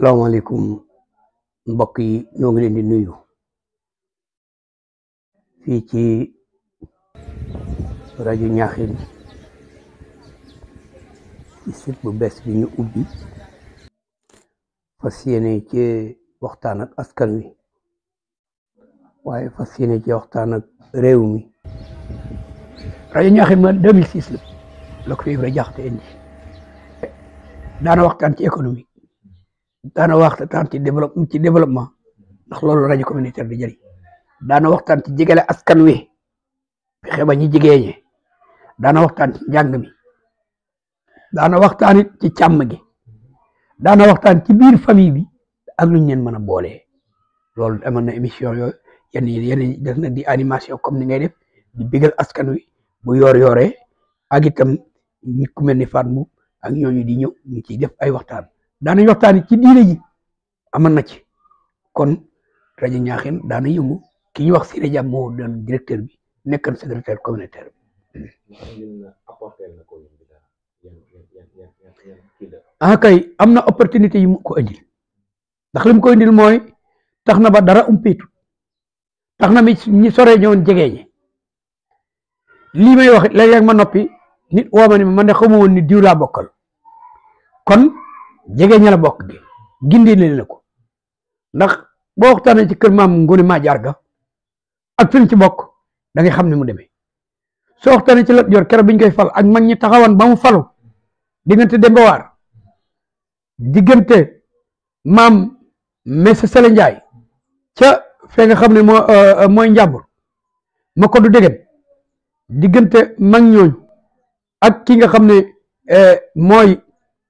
salaamaaleykum mbokk yi ñoo ngi leen di nuyu fii ci rajo Ñaaxeen ci sit bu bees bi ñu ubbi fas yéene ci waxtaan askan wi waaye fas yéene ci waxtaan ak réew mi rajo Ñaaxeen ma 2006 la la ko indi daana waxtaan ci économie daana waxtaan ci développement ci développement ndax loolu rajo communautaire di jëriñ daana waxtaan ci jegele askan wi fexe ba ñi jigéen daana waxtaan ci njàng mi daana waxtaan it ci càmm gi daana waxtaan ci biir famille bi ak lu ñu leen mën a boolee loolu amoon na émission yooyu yenn yenn def na di animation comme ni ngay def di bigal askan wi bu yoor yooree ak itam nit ku mel ni Fatou ak ñooñu di ñëw ñu ciy def ay waxtaan daanañ waxtaani ci diine ji aman na ci kon rajo ñaaxin daana yëngu ki ñuy wax Siré Dia moo doon directeur bi nekkan secrétaire communautaire bi ah am na opportunité yu mu ko indil ndax li mu ko indil mooy tax na ba dara umpiitu tax na mi ñi soree ñëwoon jege ñi lii may wax léeg-léeg ma noppi nit woo ma ne ma xamu woon ni diw laa bokkal kon jege ña la bokk gindi leen la ko ndax boo waxtaanee ci kër maam Ngone maa jaar ga ak fi ci bokk da xam ne mu demee soo waxtaanee ci Lat Joor keroog bi ñu koy fal ak mag ñi taxawan ba mu falu diggante Demba diggante maam me Sele Ndiaye ca fee nga xam ne moo euh, euh, mooy njàmbur ma ko du diggante mag ñooñu ak ki nga xam ne euh, mooy.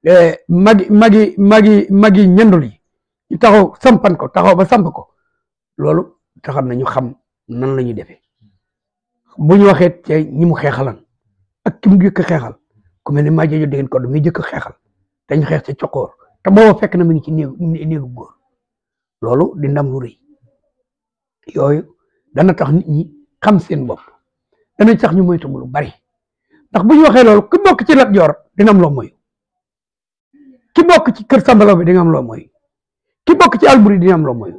Eh, magi magi magi magi ñendul yi taxaw sampan ko taxaw ba samp ko loolu te xam ne ñu xam nan la ñuy defee bu ñu waxee ci ñi mu xeexalan ak ki mu jëkk xeexal ku mel ne maa jëjëf dégg ko du muy jëkk xeexal dañu xeex ce cokoor te booba fekk na mu ngi ci néegu néegu góor loolu di ndam lu rëy yooyu dana tax nit ñi xam seen bop dana tax ñu moytu lu bari ndax bu ñu waxee loolu ku bokk ci Lat Joor dina am loo moyu ki bok ci keur Samba bi di nga am lo moy ki bok ci di nga am lo moy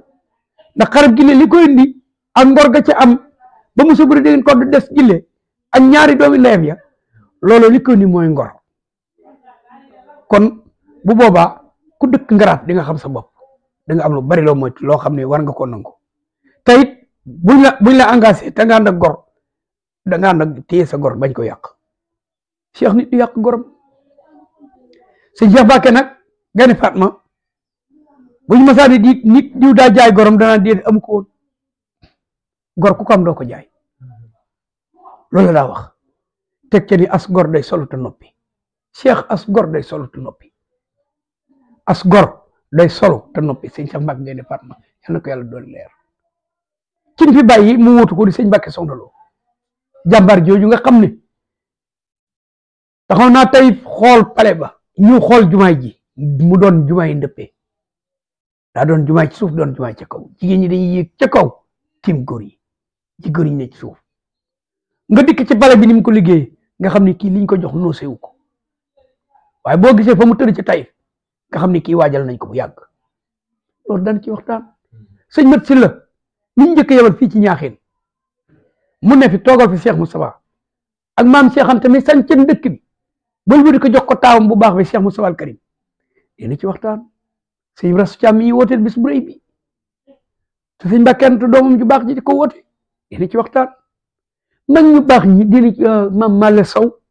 ndax xarab gile ne liko indi ak ngor ga ci am ba musu suburi dangeen ko des gile ak ñaari doomi lolo ya lolo liko ni indi ngor kon bu boba ku dekk ngaraat di nga xam sa bop da nga am lu bari lo moy lo xam war nga ko nangu tayit buñ la buñ la engagé ta nga ànd gor da nga ànd ak sa gor bañ ko yak Cheikh nit yak gorom sëñ Cheikh nag gani Fatma bu ñu masaani di nit diw daa jaay gorom danaa déet amu ko woon gor ku ko doo ko jaay loolu daa wax teg ca as gor day soluta noppi Cheikh as gor day soluta noppi as gor day solo te noppi sëñ Cheikh Bakke gani Fatma yal na ko yàlla doon leer kin fi bàyyi mu wóotu ko di sëñ Bakke Soxna Lo jooju nga xam ne taxaw naa tey xool pale ba ñu xool jumaay ji mu doon jumaay ndëppee da doon jumaay ci suuf doon jumaay ca kaw jigéen ñi dañuy yéeg ca kaw tim góor yi ci góor yi ne ci suuf nga dikk ci bale bi ni mu ko liggéey nga xam ne kii liñ ko jox noosé wu ko waaye boo gisee fa mu tëdd ci tayif nga xam ne kii waajal nañ ko bu yàgg loolu daan ci waxtaan sëñ mat si la niñ njëkk yebal fii ci ñaaxin mu ne fi toogal fi Cheikh Moustapha ak maam Cheikh Anta mi sañ ca bul bu di ko jox ko taawam bu baax bi Cheikh Moustapha Al Karim yéen ci waxtaan si Rasu Caam mi ngi woote bis bu bi te sëñ Mbàkkeentu doomam ju baax ji di ko woote yéen ci waxtaan mag ñu baax ñi di euh, mam Male Sow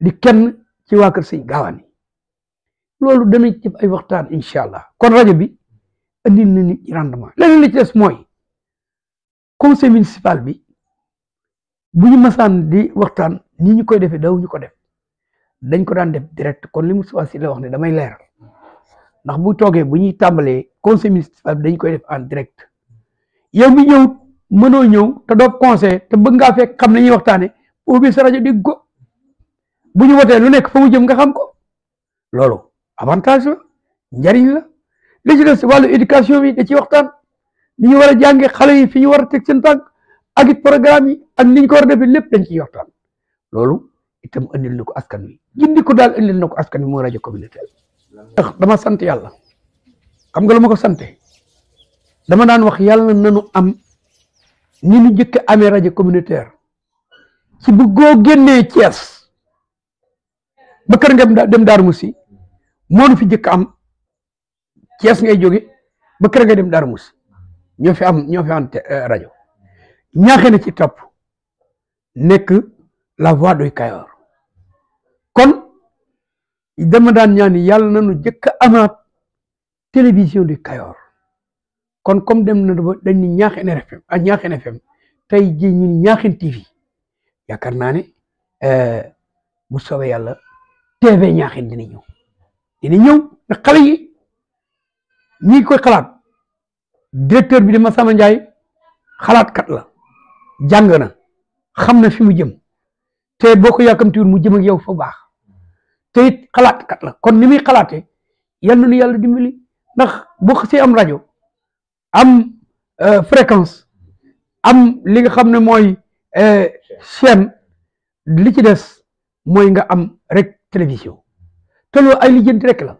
di kenn ci waa kër sëñ Gaawaan loolu danañ ci ay waxtaan incha allah kon rajo bi andil nani nit ñi rendement leneen li ci des mooy conseil municipal bi bu ñu masaan di waxtaan ni ñu koy defee daw ñu ko def dañ ko daan def direct kon li Moustapha Sy la wax ne damay leeral ndax bu toogee bu ñuy tàmbalee conseil municipal dañu dañ koy def en direct yow mi ñëw mënoo ñëw te doo conseil te bëgg ngaa fekk xam nañuy waxtaane ubbi sa rajo dégg ko bu ñu wotee lu nekk fa mu jëm nga xam ko loolu avantage la njariñ la li ci si wàllu éducation bi da ci waxtaan ni ñu war a xale yi fi ñu war a teg seen tànk ak it programme yi ak ni ko war a defee lépp dañ ciy waxtaan loolu itam andil na ko askan wi gindi ko daal indil na ko askan wi mooy rajo communautaire dama sant yàlla xam nga lu ko sante dama daan wax yàlla nanu am ni ñu njëkk a amee rajo communautaire ci bu goo génnee Thiès ba kër dem daar mussi moo nu fi njëkk am Thiès ngay jóge ba kër dem daar Moussi ñoo fi am ñoo eh, rajo ñaaxee na ci topp nekk la voix du Kayor. dama daan ñaan yàlla na nu jëkk a amaat télévision du Kayor kon comme dem na ba dañ ni ñaax ne ak ñaax NFM tey jii ñun ñaaxin TV yaakaar naa ne eh, bu soobee yàlla TV ñaaxin dina ñëw dina ñëw na xale yi ñi koy xalaat directeur bi de Massamba Ndiaye xalaat kat la jàng na xam na fi mu jëm te boo ko yàkkamtiwul mu jëm ak yow fa baax. te it xalaatkat la kon ni muy xalaatee yal na nu yàlla dimbali ndax boo am rajo am euh, fréquence am li nga xam ne mooy euh, chaîne li ci des mooy nga am rek télévision te loolu ay lijjanti rek la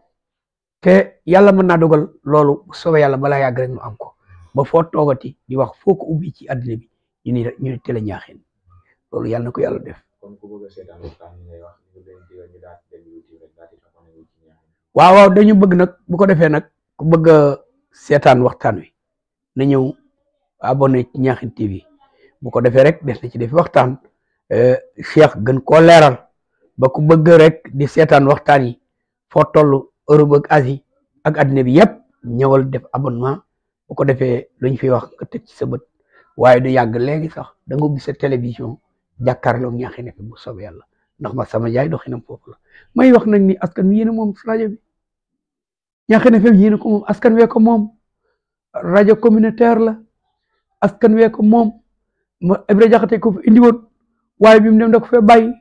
te yàlla mën naa dogal loolu bu soobee yàlla balaa yàgg rek nu am ko ba foo toogati di wax foo ko ubbi ci àddina bi ñu ni ñu ñaaxeen loolu yàlla na ko yàlla def kon ku a ngay wax ñu leen di dañu bëgg nag bu ko defee nag ku bëgg a seetaan waxtaan wi na ñëw abonné ci Ñaaxin TV bu ko defee rek des na ci def waxtaan eh, Cheikh gën koo leeral ba ku bëgg rek di seetaan waxtaan yi foo toll Europe asi ak addina bi yëpp ñëwal def abonnement bu ko defee lu ñu wax nga teg ci sa bët waaye du yàgg léegi sax da nga ubbi sa télévision jàkkaarloog ñaaxi nekk bu soobee yàlla ndax ma sama jaay doxinam foofu la may wax nag ni askan wi yéen a moom rajo bi ñaaxi ne fi ko moom askan wee moom rajo communautaire la askan wee ko moom ma Ibra Jaxate ko fi indi waaye bi mu dem da ko fee bàyyi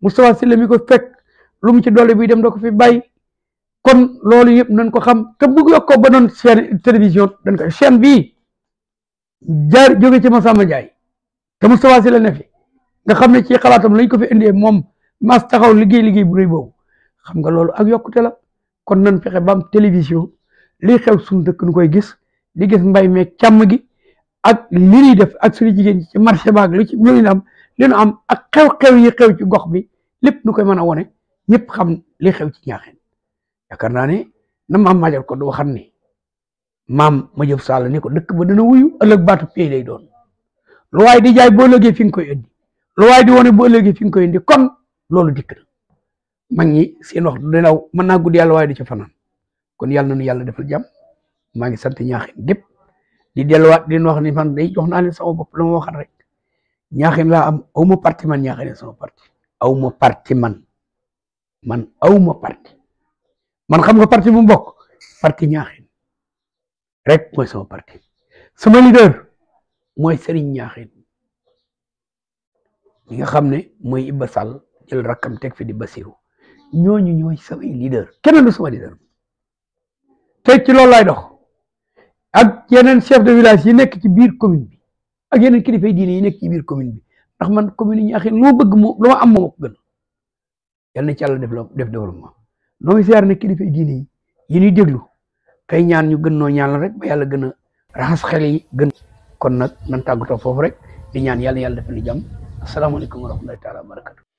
Moustapha Sylla mi ko fekk lu mu ci doole bi dem da ko fi bàyyi kon loolu yëpp nañ ko xam te bëgg yokk ko ba doon chaîne télévision dañ ko chaîne bi jaar jóge ci Massamba Ndiaye te Moustapha Sylla ne fi nga xam ne ci xalaatam lañ ko fi indee moom mas taxaw liggéey liggéey bu rëy boobu xam nga loolu ak yokkute la kon nañ fexe ba am télévision liy xew suñu dëkk nu koy gis di gis mbay meeg càmm gi ak li ñuy def ak suñu jigéen ci marché baag lu ci ñu am li am ak xew-xew yi xew ci gox bi lépp nu koy mën a wone ñëpp xam li xew ci ñaaxeen yaakaar naa ne na maam maajal ko du waxan ni maam ma jëf sàll ni ko dëkk ba dana wuyu ëllëg baatu pay lay doon lu di jaay boo lëgee fi nga koy indi lo way di woné bo légui fi nga koy indi kon lolu dik na mag ni seen wax dina man na gudd yalla way di ci fanan kon yalla na nu yàlla defal jam mag ni sante ñaaxin dépp di wat di wax ni man day jox na len sama bop la ma waxal rek ñaaxim la am aw parti man ñaaxin sama parti aw parti man man aw parti man xam nga parti bu mu parti ñaaxin rek moy sama parti sama leader moy Serigne ñaaxin ñi nga xam ne mooy Ibba Sall jël rakkam teg fi di Basiru ñoo ñooy samay leader keneen du sama leader te ci loolu lay dox ak yeneen chef de village yi nekk ci biir commune bi ak yeneen kilifa diine yi nekk ci biir commune bi ndax man commune yi ñaaxee lu ma bëgg moom lu ma am moom ak gën yal na ci yàlla def développement noo ngi ne kilifa diine yi yi ñuy déglu tey ñaan ñu gën noo ñaanal rek ba yàlla gën a raxas xel yi kon nag nan tàggatoo foofu rek di ñaan yàlla yàlla defal ñu jàmm asalaamaaleykum wa rahmatulahi taala wa barakatu